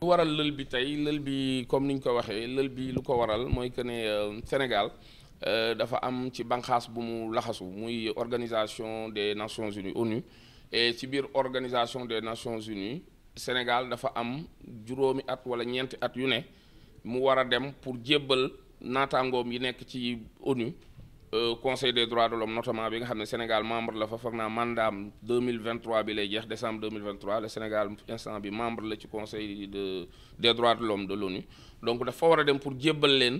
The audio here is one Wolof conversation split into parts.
lu waral lël bi tey lël bi comme ni ñu ko waxee lël bi lu ko waral mooy que ne euh, Sénégal euh, dafa am ci banqaas bu mu laxasu muy organisation des Nations Unies ONU et ci biir organisation des Nations Unies Sénégal dafa am juróomi at wala ñeenti at yu ne mu war a dem pour jébbal naataangoom yi nekk ci ONU Euh, conseil des droits de l'homme notamment bi nga xam ne Sénégal membre la fa foog naa mandaam bi lay jeex décembre 2023 Sénégal instant membre la ci conseil des droits de l'homme de l'ONU donc dafa war a dem pour jébbal leen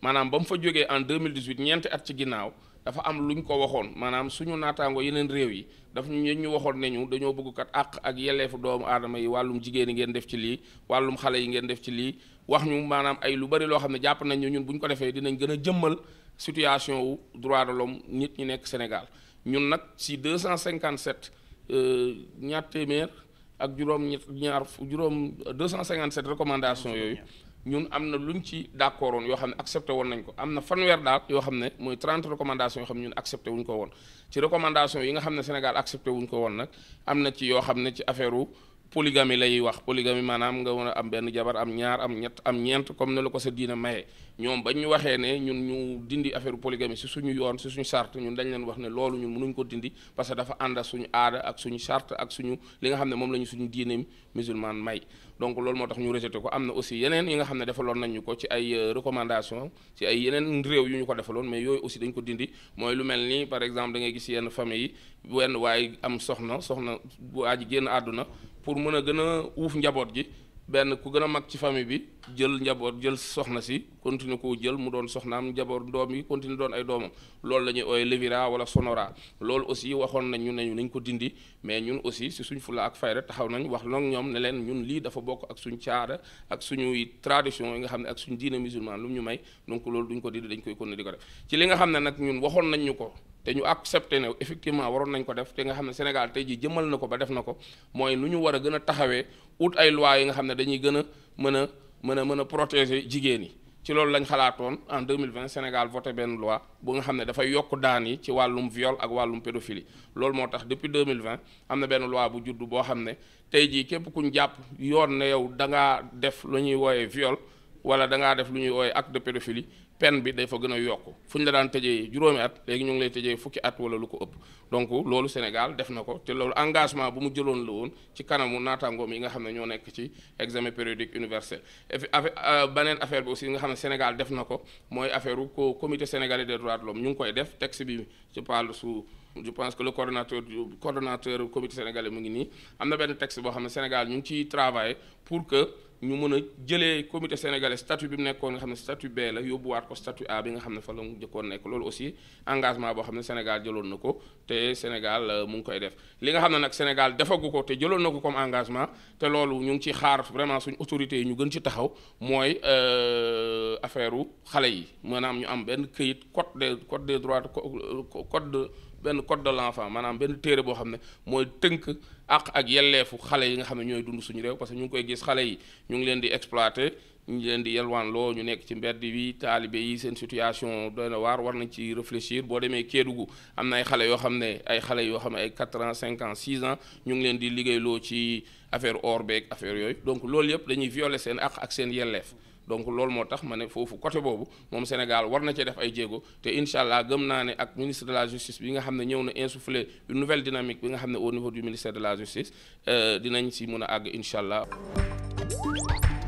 maanaam ba mu fa jógee en 2018 ñeenti at ci ginnaaw dafa am lu ñu ko waxoon maanaam suñu naataango yeneen réew yi daf ñu ñu waxoon nañu dañoo bëgg kat àq ak yelleefu doomu aadama yi wàllum jigéen yi ngeen def ci lii wàllum xale yi ngeen def ci lii wax ñu maanaam ay lu bari loo xam ne jàpp nañ ñun bu ko defee dinañ gën a jëmmal situation wu droit de l'homme nit ñi nekk senegal ñun nag si 257 euh, ñaar téeméer ak juróom ñaar juróom 257 recommandations yooyu. ñun am na luñ ci d'accord woon yoo xam ne accepté woon nañ ko am na fanweer daal yoo xam ne mooy 30 recommandations yoo xam ne ñun accepté wuñ ko woon ci recommandation yi nga xam ne Sénégal accepté wuñ ko woon nag am na ci yoo xam ne ci affaire wu polygamie lay wax polygamie maanaam nga war a am benn jabar am ñaar am ñett am ñeent comme ne la ko sa diina maye ñoom ba ñu waxee ne ñun ñu dindi affaire polygamie si suñu yoon si suñu charte ñun dañ leen wax ne loolu ñun mënuñ ko dindi parce que dafa ànd suñu aada ak suñu charte ak suñu li nga xam ne moom la ñu suñu diine musulman may donc loolu moo tax ñu rejeté ko am na aussi yeneen yi nga xam ne defaloon nañ ko ci ay euh, recommandation ci ay yeneen réew yu ñu ko defaloon mais yooyu aussi dañ ko dindi mooy lu mel ni par exemple da ngay gis yenn famille yi wenn am soxna soxna waa ji génn àdduna pour mën a gën a uuf njaboot gi benn ku gën a mag ci famille bi jël njaboot jël soxna si continue koo jël mu doon soxnaam njaboot doom yi continue doon ay doomam loolu la ñuy ooye levira wala sonora loolu aussi waxoon nañ ñu neñu nañ ko dindi mais ñun aussi si suñ fula ak fayda nañ wax nag ñoom ne leen ñun lii dafa bokk ak suñ caada ak suñuy tradition yi nga xam ne ak suñ diine musulman lu ñu may donc loolu duñ ko dindi dañ koy continuer di ko def ci li nga xam ne nag ñun waxoon nañ ñu ko te ñu accepté ne effectivement waroon nañ ko def te nga xam ne Sénégal tey jii jëmal na ko ba def na ko mooy nu ñu war a gën a taxawee ut ay loi yi nga xam ne dañuy gën a mën a mën a mën a protéger jigéen yi ci loolu lañ xalaatoon en deux vingt Sénégal voté benn loi bu nga xam ne dafay yokk daan yi ci wàllum viol ak wàllum pédophilie loolu moo tax depuis mille 2020 am na benn loi bu judd boo xam ne tey jii képp kuñ jàpp yoon ne yow da ngaa def lu ñuy wooyee viol wala da ngaa def lu ñuy wooyee acte de pédophilie pen bi day fa gën a yokk fu ñu la daan tëjee juróomi at léegi ñu ngi lay tëjee fukki at wala lu ko ëpp donc loolu Sénégal def na ko te loolu engagement bu mu jëloon la woon ci kanamu naataangoom yi nga xam ne ñoo nekk ci examen périodique universel et puis euh, beneen affaire bi aussi nga xam ne Sénégal def na ko mooy affaire ko comité sénégalais des droits de ñu ngi koy def texte bi ci parle sous je pense que le coordonnateur du coordonnateur du comité mu ngi nii am na benn text boo xam ne Sénégal ñu ngi ciy travailler pour que ñu mën a jëlee comité sénégalais statut bi mu nekkoon nga xam ne statut bee la yóbbuwaat ko statut A bi nga xam ne fa la mu jëkkoon nekk loolu aussi engagement boo xam ne Sénégal jëloon na ko te Sénégal euh, mu ngi koy def li nga xam ne nag Sénégal defagu ko te jëloon na ko comme engagement te loolu ñu ngi ciy xaar vraiment suñu autorités ñu gën ci taxaw mooy euh, affaire u xale yi maanaam ñu am benn këyit code des code des droits euh, code de benn code de l'enfant maanaam benn téere boo xam ne mooy tënk àq ak yelleefu xale yi nga xam ne ñooy dund suñu réew parce que ñu ngi koy gis xale yi ñu ngi leen di exploiter ñu leen di yelwaan loo ñu nekk ci mbedd bi taalibe yi seen situation doy waar war nañ ci réfléchir boo demee Kédougou am na ay xale yoo xam ne ay xale yoo xam ne ay 4 ans 5 ans 6 ñu ngi leen di liggéeyloo ci affaire or beeg affaire yooyu donc loolu yëpp dañuy violer seen àq ak seen yelleef donc loolu moo tax ma ne foofu côté boobu moom Sénégal war na cee def ay jéego te incha allah gëm naa ne ak ministre de la justice bi nga xam ne ñëw na insuffler une nouvelle dynamique bi nga xam ne au niveau du ministère de la justice euh, dinañ si mën a àgg incha allah.